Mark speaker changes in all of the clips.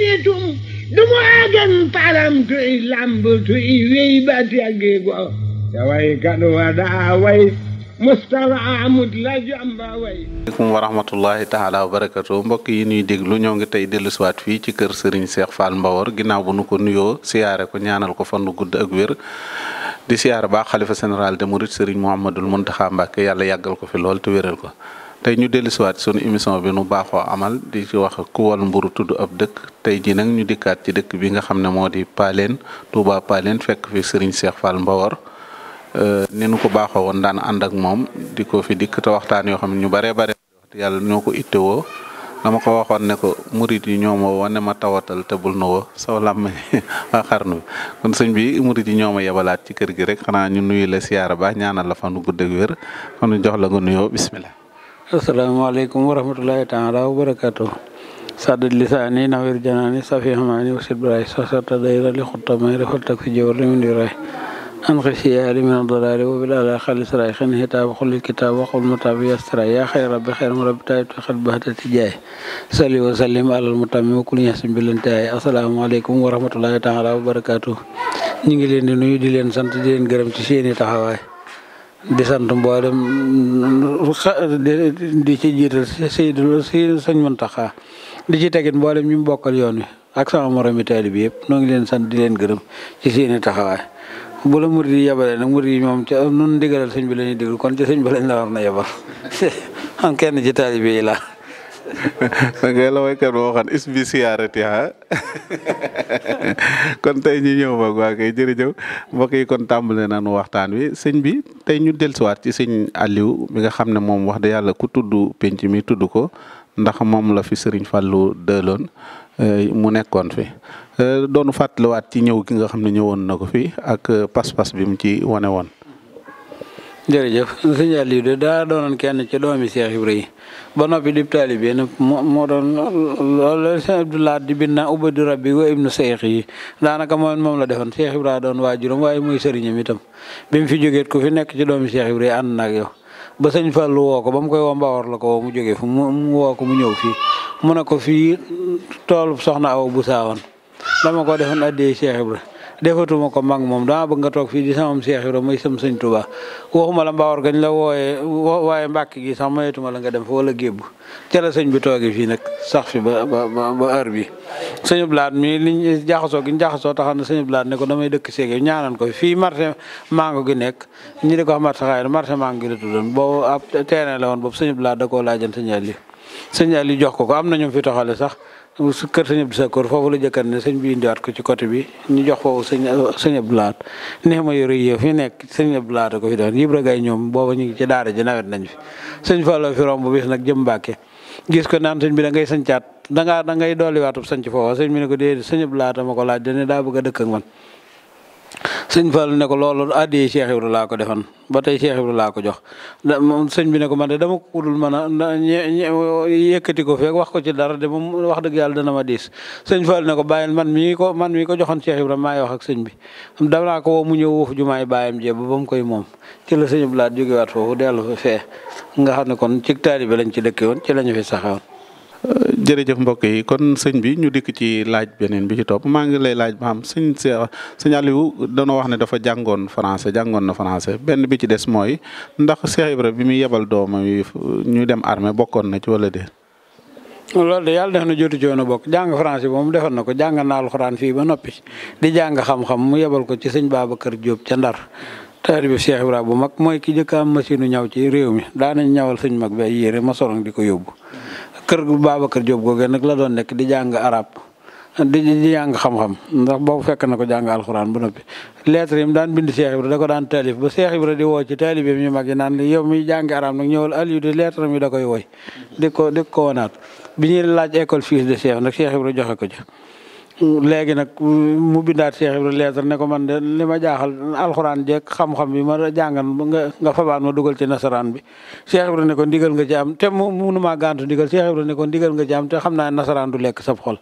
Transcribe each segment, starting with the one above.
Speaker 1: miitum ɗum waagan param to i lambo to i weybati aggeego taway kaɗo waɗa way Moustapha Amut
Speaker 2: la jamba way aleykum wa rahmatullahi taala wa barakatu mbokk yi ñuy déglu ñoo ngi tey dellusiwaat fii ci kër Serigne seex Fall Mbawar ginnaaw bu nu ko nuyoo siyaare ko ñaanal ko fandu gudd ak wér di siyaare baax xalifa général de Mouride Serigne Mouhamadoul Mountakha Mbacké yàlla yàggal ko fi lool te wéral ko tey ñu dellusiwaat sunu émission bi nu baaxoo amal di ci wax ku wal mburu tudd ab dëkk tey ji nag ñu dikkaat ci dëkk bi nga xam ne moo di Paaleen Touba Paaleen fekk fi Serigne Cheikh Fall Mbawar euh, ni nu ko baaxoo woon daan ànd ak moom di ko fi dikk te waxtaan yoo xam ne ñu baree bare wax yàlla ñoo ko ittewoo dama ko waxoon ne ko murit yi ñoo ma woo ne ma tawatal te bul na woo saw làmm xar nu kon sëñ bi murit yi ñoo ma yebalaat ci kër gi rek xanaa ñu nuyu la siyaara ba ñaanal la fan gudd ak wér jox la nga nuyoo bismillah
Speaker 1: asalaamaaleykum wa rahmatulahi taala wa barakaatu saddad lisaani nawir janaani safi hamaani wasit braay sasarta dayra li xuttamay refal tak si jawar limin diraay an xisiyaali min adalaali wa bil ala xalis raay xin xitaab xulil kitaab waxul mutaab yastra yaa xayr rabbi xayr mu rabbi taayib taxal baxtati jaay sali wa sallim alal mutammi wa kul yasin bilante ay wa rahmatulahi taala wa barakaatu ñu ngi leen di nuyu di leen sant di leen gërëm ci seeni taxawaay di sant mboolem di ci jiital Seydou sëñ Mountakha di ci tegit mboolem ñu bokkal yoon wi ak sama moromi taalibe bi yëpp noo ngi leen sant di leen gërëm ci seeni taxawaay bu la murid yi yebalee nag murid yi moom ca nun ndigalal sëñ bi la ñuy déglu kon ci sëñ bi lañ la war na yebal
Speaker 2: am kenn ci taalibe yi la da ngay la waykat boo kon tey ñu ñëw mag waa mbokk yi kon tàmbale nañu waxtaan wi sëñ bi tey ñu dellusiwaat ci sëñ Aliou bi nga xam ne moom wax dëgg yàlla ku tudd penc mi tudd ko ndax moom la fi sëriñ Fallou dëloon eh, mu nekkoon fi eh, doonu fàttaliwaat ci ñëw ki nga xam ne ñëwoon na ko fi ak pas-pas bi mu ci wane woon.
Speaker 1: jërëjëf sëñ Aliou de daa doonoon kenn ci doomi Cheikh Ibra yi ba noppi di taalibe moo moo doon loolu sëñ Abdou Lahad di bind naa ubadu rabbi wa ibnu Cheikh yi daanaka moom moom la defoon Cheikh Ibra doon waajuram waaye muy sëriñam itam bi mu fi jógee ko fi nekk ci doomi Cheikh Ibra yi ànd na ak yow ba sëñ Fallou woo ko ba mu koy woo Mbawar la ko woo mu jógee fu mu woo ko mu ñëw fii mu ne ko fii toolu soxna Awa bu saawoon dama ko defoon addee Cheikh Ibra defatuma ko mag moom dama bëgg nga toog fii di samam Cheikh Ibra muy sam sëñ Touba waxuma la Mbawar gañ la wooyee waaye mbàkk gi sax mayetuma la nga dem fa wala gébb ca sëñ bi toogee fii nag sax fi ba ba bi sëñu blaat mi i jaxasoo giñ jaxasoo taxaw na sëñu blaat ne ko damay dëkk Ségué ñaanan ko fii marché mango gi nekk ñi di ko wax marché xaay marché mango gi la tuddoon boobu ab terrain la woon boobu sëñu blaat da koo laajan sëñ Aliou sëñ Aliou jox ko ko am na ñu sax su kër sëñ Abdou Sakor foofu la jëkkat ne sëñ bi indiwaat ko ci côté bi ñu jox foofu sëñ sëñ Abdou Lahat ne ma yore yëf fi nekk sëñ Abdou Lahat ko fi doon Ibra ngay ñoom booba ñu ngi ci daara ji nawet nañ fi sëñ Fallou fi romb bis nag jëm Mbàkke gis ko naan sëñ bi da ngay sëncaat da ngaa da ngay dooliwaatub sanc foofa sëñ bi ne ko déedéet sëñ Abdou Lahat ma ko laaj ne daa bëgg a dëkk ak man sëñ Fall ne ko loolu addiyee Cheikh Ibra laa ko defan ba tey Cheikh Ibra laa ko jox moom sëñ bi ne ko man de dama ko kudul mën a yëkkati ko feeg wax ko ci dara de moom wax dëgg yàlla dana ma diis sëñ Fall ne ko bàyyil man mii ko man mii ko joxoon Cheikh Ibra maay wax ak sëñ bi dam naa ko woo mu ñëw wuuf jumaay baayam jee ba ba mu koy moom ci la sëñ bi laa jógewaat foofu dellu fa fee
Speaker 2: nga xam ne kon ci taalibe lañ ci dëkke woon ci lañu fi saxewoon jërëjëf mbokk yi kon sëñ bi ñu dikk ci laaj beneen bi ci topp maa ngi lay laaj ba xam sëñ sëñ Aliou danoo wax ne dafa jàngoon français jàngoon na français benn bi ci des mooy ndax Cheikh Ibra bi muy yebal dooma yi ñu dem armée bokkoon na ci wala déet.
Speaker 1: loolu de yàlla def na jotu coono bokk jàng français moom defal na ko jàng naa alxuraan fii ba noppi di jàng xam-xam mu yebal ko ci sëñ kër Diop ca Ndar. taalibe Cheikh Ibra bu mag mooy ki njëkk a am machine ñaw ci réew mi daanañ ñawal sëñ mag bi ay yére ma di ko yóbbu. kër gu Babacar Diop googee nag la doon nekk di jàng arab di di jàng xam-xam ndax boobu fekk na ko jàng alxuraan ba noppi lettre yi daan bind Cheikh Ibra da ko daan taalif ba Cheikh Ibra di woo ci taalibe ñu mag yi naan yow mi jàng arab nag ñëwal Aliou di lettre mi da koy woy di ko di ko wanaat bi ñuy laaj école fils de Cheikh nag Cheikh Ibra joxe ko ja léegi nag mu bindaat Cheikh Ibrahima leetar ne ko man de li ma jaaxal alxuraan jeeg xam-xam bi ma jàngan nga nga fabaan ma dugal ci nasaraan bi Cheikh Ibrahima ne ko ndigal nga ci am te mu munu maa gàntu ndigal Cheikh Ibrahima ne ko ndigal nga ci am te xam naa nasaraan du lekk sab xol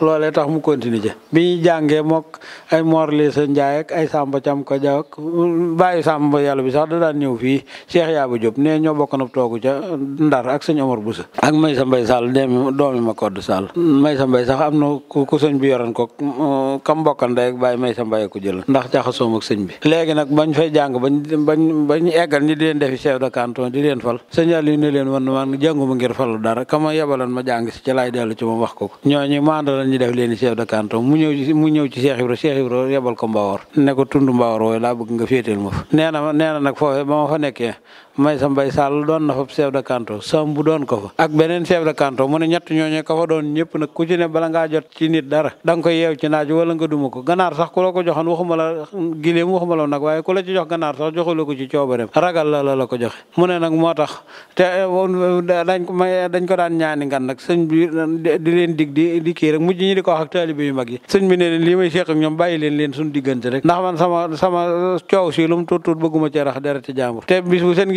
Speaker 1: loolee tax mu continuer ci bi jàngee mook ay Mor sa Ndiaye ak ay Samba Thiam ko jaw ak mm, bàyyi Samba yàlla bi sax da daan ñëw fii Cheikh Yaaba Diop nee ñoo bokk na toogu ca Ndar ak sëñ Omar Boussa ak may sa mbay Sall dem doomi ma kodd Sall may sa mbay sax am na ku sëñ bi yoroon ko mm, kam bokkan day ak bàyyi may sa mbay ku jël ndax jaxasoom ak sëñ bi léegi nag bañ fay jàng bañ bañ bañ eggal ñi di leen defi chef de canton di leen fal sëñ Aliou ne leen wan man jànguma ngir falu dara kama yebaloon ma jàng si ci laay dellu ci moom wax ko ko la ñuy def leen chef de canton mu ñëw ci mu ñëw ci Cheikh Ibra ko Mbawar ne ko tund Mbawar wooyu laa bëgg nga féetal ma fa nee na nee na fa nekkee Maysa Mbay Sall doon na fa chef de canton Samb doon ko fa ak beneen chef de canton mu ne ñett ñooñu ko fa doon ñëpp nag ku ci ne bala ngaa jot ci nit dara da nga koy yeew ci naaj wala nga duma ko ganaar sax ku la ko joxoon waxuma la giléem waxuma la nag waaye ku la ci jox ganaar sax joxu la ko ci coobareem ragal la la ko joxe mu ne nag moo tax eh, dañ ko daan ñaani ngan nag sëñ bi di leen dig di di kii rek mujj ñi di ko wax ak taalibe yu mag yi sëñ bi ne leen may seeq ak ñoom bàyyi leen leen suñu diggante rek ndax man sama sama coow lu mu tuut tuut bëgguma ci rax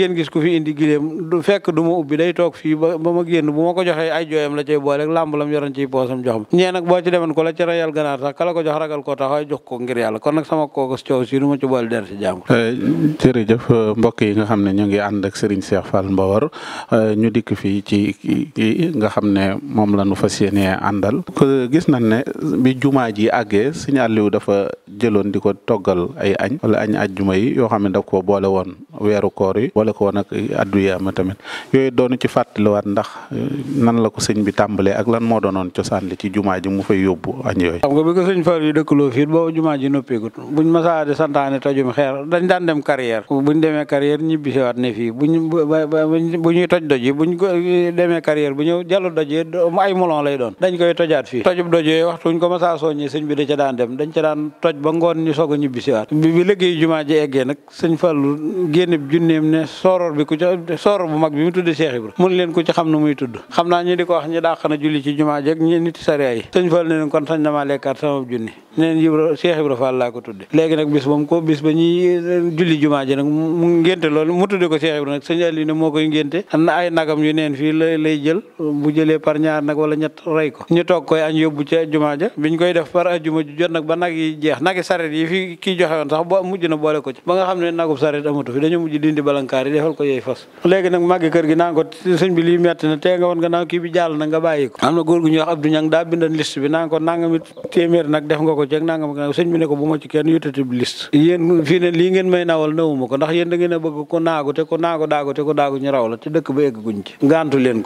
Speaker 1: ngeen gis ku fi indi gileem du fekk du ma ubbi day toog fii ba ba ma génn bu ko joxee ay jooyam la cay boole rek làmb lam yoroon ciy poosam jox ma ñee nag ci demoon ko la ci rayal ganaar sax kala ko jox ragal koo taxaw jox ko ngir yàlla kon nag sama kooku coow si du ma ci boole der si jàmm
Speaker 2: eh, jërëjëf mbokk yi nga xam ne ñu ngi ànd ak Serigne Cheikh Fall Mbawar eh, ñu dikk fii ci nga xam ne moom la nu fas yéenee àndal gis nañ ne bi jumaa ji àggee Serigne liw dafa jëloon di ko toggal ay añ wala añ juma yi yoo xam ne daf ko boole woon weeru koor yi wala ko nag adduyaa ma tamit yooyu doonu ci fàttaliwaat ndax eh, nan la ko sëñ bi tàmbalee ak lan moo doonoon cosaan li ci jumaa ji mu fay yóbbu añ yooyu
Speaker 1: xam nga bi ko sëñ far yu dëkkaloo fii boobu jumaa ji noppeegut buñ masaa di santaane tojum xeer dañ daan dem carrière buñ demee carrière ñibbisiwaat ne fii buñ bu ñuy toj doj yi buñ eh, demee carrière bu ñëw jallu dojee ay molon lay doon dañ koy tojaat fii tojub dojee waxtuñ ko masaa da ca daan dem dañ ca daan toj ba ngoon ñu a junneem junneem ne sooroor bi ku ci sooroor bu mag bi mu tudd Cheikh Ibra mun leen ku ci xam nu muy tudd xam na julli lekkaat sama junni neen Ibra Cheikh Ibra Fall laa ko nag bis ba ko bis ba ñuy eh, julli jumaa ji nag mu mu tudde ko Cheikh Ibra sëñ Aliou moo koy ngénte ay nagam yu neen fii la lay jël bu jëlee par ñaar nag wala ñett rey ko ñu toog koy añ yóbbu ca jumaa ja biñ koy def par a ju jot nag ba nag yi jeex nagi saret yi fii kii joxe woon sax bo dañoo mujj dindi balankaar yi defal ko yooyu fas léegi nag màggi kër gi naan ko sëñ bi lii metti na tee nga woon nga naan kii bi jàll na nga bàyyi ko am na góor gu ñuy wax Abdou Niang daa bindan liste bi naan ko nangami téeméer nag def nga ko ceeg nangam ak nangam sëñ bi ne ko bu ma ci kenn yutati bi liste yéen fii ne lii ngeen may nawal nawuma ko ndax yéen da ngeen a bëgg ko naagu te ko naagu daagu te ko daagu ñu te dëkk ba egg guñ ci ngaantu leen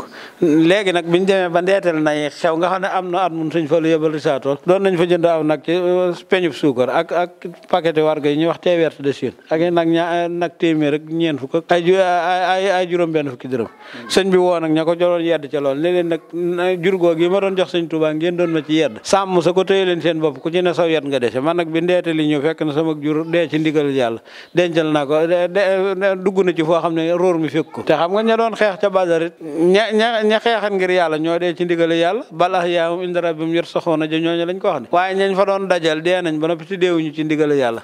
Speaker 1: téeméer ak ñeent fukk ak ay ay ay juróom-benn fukki dërëm sëñ bi woo ña ko joroon yedd ca lool ne leen nag jur googu ma doon jox sëñ Touba ngeen doon ma ci yedd sàmm sa ko téye leen seen bopp ku ci ne saw yet nga na sama jur dee ci ndigal yàlla ko dugg na ci foo xam ne róor mi fekk ko te xam nga ña doon xeex ca basarit ña ña ngir yàlla ñoo dee ci ndigal yàlla bala yaamum inda rabbim yor soxoona ja ñooñu lañ ko wax ne waaye ñañ fa doon dajal dee nañ ba noppi ci déewuñu ci ndigal yàlla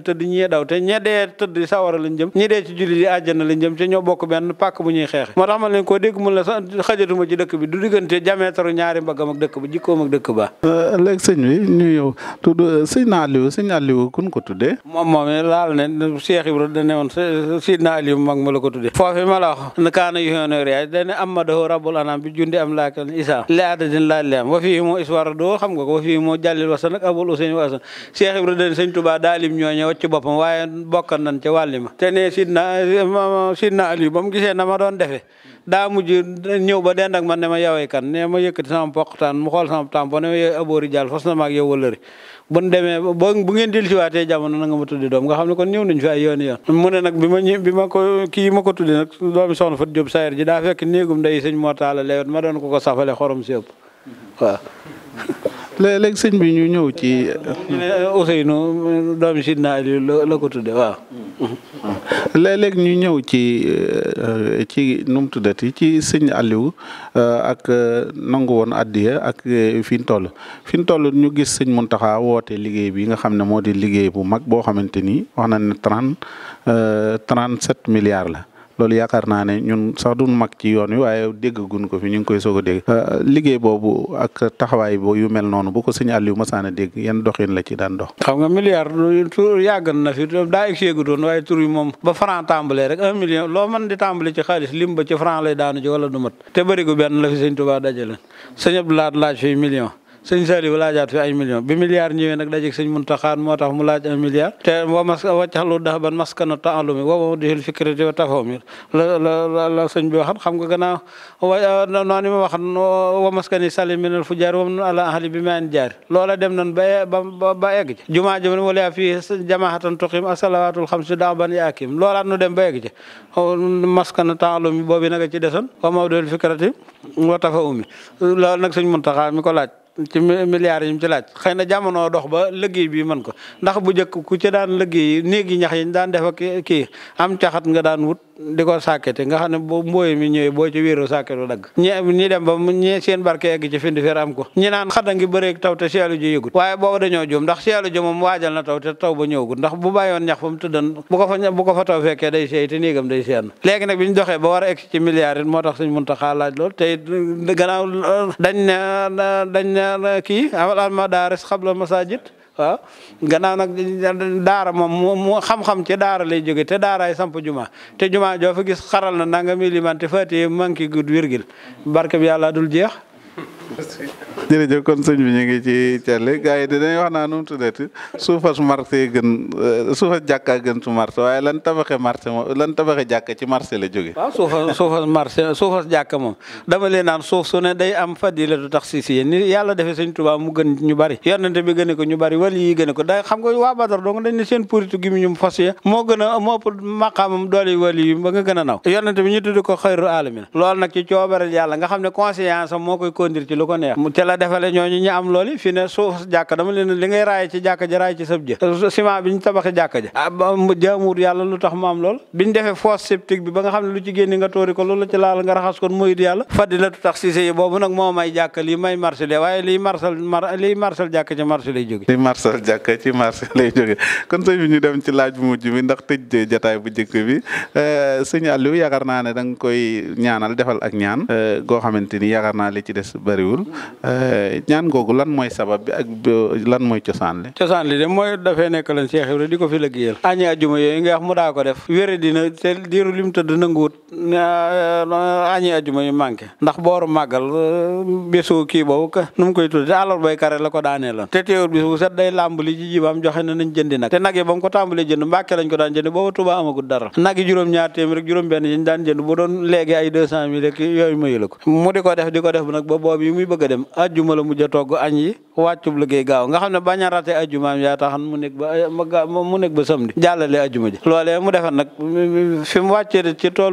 Speaker 1: ñu tëdd ñee daw te ñe dee tëdd sawara lañ jëm ñi dee ci julli di àjjana lañ jëm te ñoo bokk benn pàkk bu ñuy xeexe moo tax man leen koo dégg mun la sax xajatuma ci dëkk bi du diggante jameetaru ñaari mbaggam ak dëkk ba jikkoom ak dëkk ba
Speaker 2: euh, léegi sëñ bi ñu yow tudd euh, sëñ Aliou sëñ Aliou kun ko tuddee
Speaker 1: moom moom laal ne Cheikh Ibra da ne woon Sidna Aliou mag ma la ko tuddee foofu ma la wax na kaana yoxénoor yaay dane amadahu rabbul anam bi jundi am laakal isa li adadin laa leem wa fii moo iswara doo xam nga ko wa fii moo jàllil wasa nag abul useyn wa asan Cheikh Ibra dane sëñ Touba daalim ñooñe ñëw ci boppam waaye bokkan nañ ca wàlli ma te ne sidna sidna Aliou ba mu gisee na ma doon defee daa mujj ñëw ba dend ma ne ma yawee kan ne ma yëkkati sama poqtaan mu xool sama tampon ne ma yow aboori jàll fas na ma ak yow wëllëri bu bu ngeen dil si waatee jamono na nga ma tuddi doom nga xam ne kon ñëw nañ fi ay yoon yoon mu ne nag bi ma ko kii ma ko tuddi nag doomi soxna Fatou Diop sayer ji daa fekk néegum nday sëñ Mortala leewet ma doon ko ko safale xorom si
Speaker 2: léegi sëñ bi ñu ñëw ci. Euh,
Speaker 1: Ousseynou doomi doom Ali la ko tudde waaw.
Speaker 2: léeg-léeg ñu ñëw ci euh, ci nu mu tuddati ci sëñ Aliou euh, ak nangu woon addiya ak fi ñu toll fi ñu toll ñu gis sëñ Mountakha woote liggéey bi nga xam ne moo di liggéey bu mag boo xamante ni wax na ne trente trente sept milliards la. loolu yaakaar naa ne ñun sax duñ mag ci yoon wi waaye déggagun ko fi ñu ngi koy soog a dégg euh, liggéey boobu ak taxawaay bo yu mel noonu bu ko sëñ Aliou masaan a dégg yan doxin la ci daan dox
Speaker 1: xam nga milliard tur yàgg na fi daa egseegu doon waaye tur moom ba franc tàmbalee rek un million loo mën di tàmbale ci xaalis lim ba ci franc lay daanu ci wala du mat te bëri benn la fi sëñ Tuubaa dajale sëñ Abdou Lahad laaj fi million sëñ Saliou laajaat fi ay million bi milliard ñëwee nag dajeeg sëñ Muntaxa moo tax mu laaj un milliard te wa mas waccaxlu dax ban maskana taalumi woo dihil fikrati wa tafahumi la la la sëñ bi waxat xam nga gannaaw wa noonu ma waxan wa maskani sali minal fu jaar wam nun ala ahli bi maan jaar loola dem nan ba ba egg ci jumaa ji man wala fii jamaahatan tuqim asalawaatul xamsi daa ban yaakim loolaat nu dem ba egg ci maskana taalumi boobi naga ci desoon wa mawdihil fikrati wa tafahumi loolu nag sëñ Muntaxa mi ko laaj ci milliards yi mu ci laaj xëy na jamono dox ba liggéey bi mën ko ndax bu njëkk ku ci daan liggéey néeg yi ñax yi ñu daan def ak kii am caxat nga daan wut. di ko sàkkete nga xam ne boo mbooy mi ñëwee boo ci wéeru sàkketu dagg ñi ñi dem ba ñi seen barke egg ci findi fer am ko ñi naan xada ngi bëreeg taw te seelu ji yëgut waaye booba dañoo juum ndax seelu ji moom waajal na taw te taw ba ñëwgut ndax bu bàyyoon ñax fa mu tëddan bu ko fa bu ko fa taw fekkee day seey te néegam day seen léegi nag bi ñu doxee ba war a egg ci milliards it moo tax suñ mun taxaa laaj lool te gannaaw dañ ne dañ ne kii amal almadaris xabla masajid waaw gannaaw nag daara moom mu xam-xam ce daara lay jóge te daara daaraay samp juma te juma joo fa gis xaral na nanga mi liman te faatiye manqué gudd wirgil barke bi yàlla dul jeex
Speaker 2: jërëjëf kon sëñ bi ñu ngi ci Thialé gars yi dinañ wax naa nu mu tuddati suufas marché gën euh, suufas jàkka gën su marché waaye lan tabaxe marché moom lan tabaxe jàkka ci marché la jóge
Speaker 1: waaw suufas suufas marché suufas jàkka moom dama leen naan suuf su ne day am fadila du tax si si yéen ni yàlla defee sëñ Tuubaa mu gën ñu bari yonente bi gëne ko ñu bari wali yi gëne ko day xam nga waa Badar donc dañ ne seen puritu gi mu fas ya moo gën a moo ëpp maqaamam doole wali yi ba nga gën a naw yonente bi ñu tudd ko lu ko neex mu ca la defale ñooñu ñu am loolu fi ne suuf jàkka dama li ngay raay ci jàkka ji raay ci sëb ja ciment bi ñu tabaxi jàkka ah, ja mu am lool biñ defee fosse septique bi ba nga xam ne lu ci génni nga tóori ko loolu la ci laal nga raxas kon moyit yàlla fadilatu tax sise yi boobu nag moo may jàkka lii may marché le
Speaker 2: ci marché lay kon sëñ bi ñu dem ci laaj bu mujj ndax tëj jataay bu jëkk bi eh, sëñ Aliou yaakaar naa ne da nga koy ñaanal defal ak ñaan eh, goo xamante ni yaakaar naa li ci jour euh, ñaan googu lan mooy sabab bi lan mooy cosaan li
Speaker 1: cosaan li de mooy dafay nekk lan Cheikh Ibra di ko fi liggéeyal añi ajuma yooyu nga wax mu daa ko def wére dina te diiru lim tëdd nanguwut añi ajuma yu manqué ndax booru màggal euh, bésu kii boobu koy tudde te alors bay kare la ko daanee lan te teewul bis bu set day làmb li na nañ jëndi nag te nag yi ba mu ko tàmbalee jënd mbàkke lañ ko daan jënd booba Tuubaa amagul dara nag juróom-ñaar téeméer rek juróom benn yi bi muy bëgg a dem ajjuma la a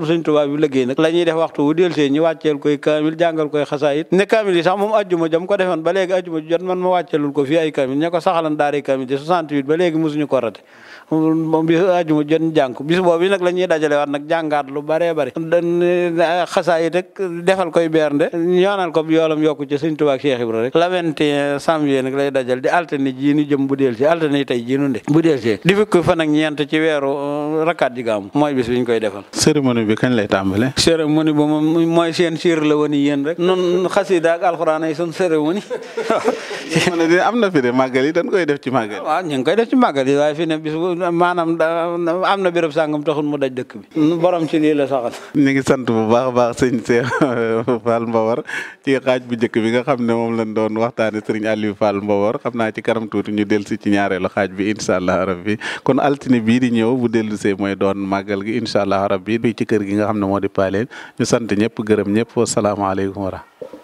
Speaker 1: a mu la ñuy def waxtu wu del see ñi wàcceel koy kaamil jàngal koy xasaayit ne kaamil yi sax moom ajjuma jam ba léegi ajjuma ji jot man ma wàcceelul ko fii ay kaamil ña ko saxalan daara kaamil ci 68 ba léegi mosuñu ko raté moom bis ajjuma jot ñu jàng bis boobu nag la dajale waat nag jàngaat lu bare bare eh, xasaayit rek defal koy bernde ñaanal ko yoolam yokk ci sëñ Tuubaa ak Cheikh Ibra rek la 21 janvier nag lay dajal di altine jii ñu jëm bu deel ci altine tey jii nde bu deel di fukk fan ak ñeent ci weeru uh, rakkaat ji mooy bis bi ñu koy defal
Speaker 2: cérémonie bi kañ lay tàmbale
Speaker 1: cérémonie bi moom mooy seen siir la woon yéen rek nun xasida ak alxuraan ay sun cérémonie
Speaker 2: waaw am na fi de màggal yi dañ koy def ci màggal
Speaker 1: waaw ñu ngi koy def ci màggal yi waaye fi ne bis maanaam am na béréb sàngam taxul mu daj dëkk bi borom ci la saxal
Speaker 2: ñu ngi bu baax a baax sëñ Cheikh Fall jëkk bi nga xam ne moom lañ doon waxtaane sëriñ Aliou Fall Mbowar xam na ci kanam tuuti ñu dellu si ci ñaareelu xaaj bi incha allah rabbi kon altine bii di ñëw bu dellu see mooy doon màggal gi incha allah rabbi bi ci kër gi nga xam ne moo di paaleen ñu sant ñëpp gërëm ñëpp wasalaamaaleykum wa rahmatulah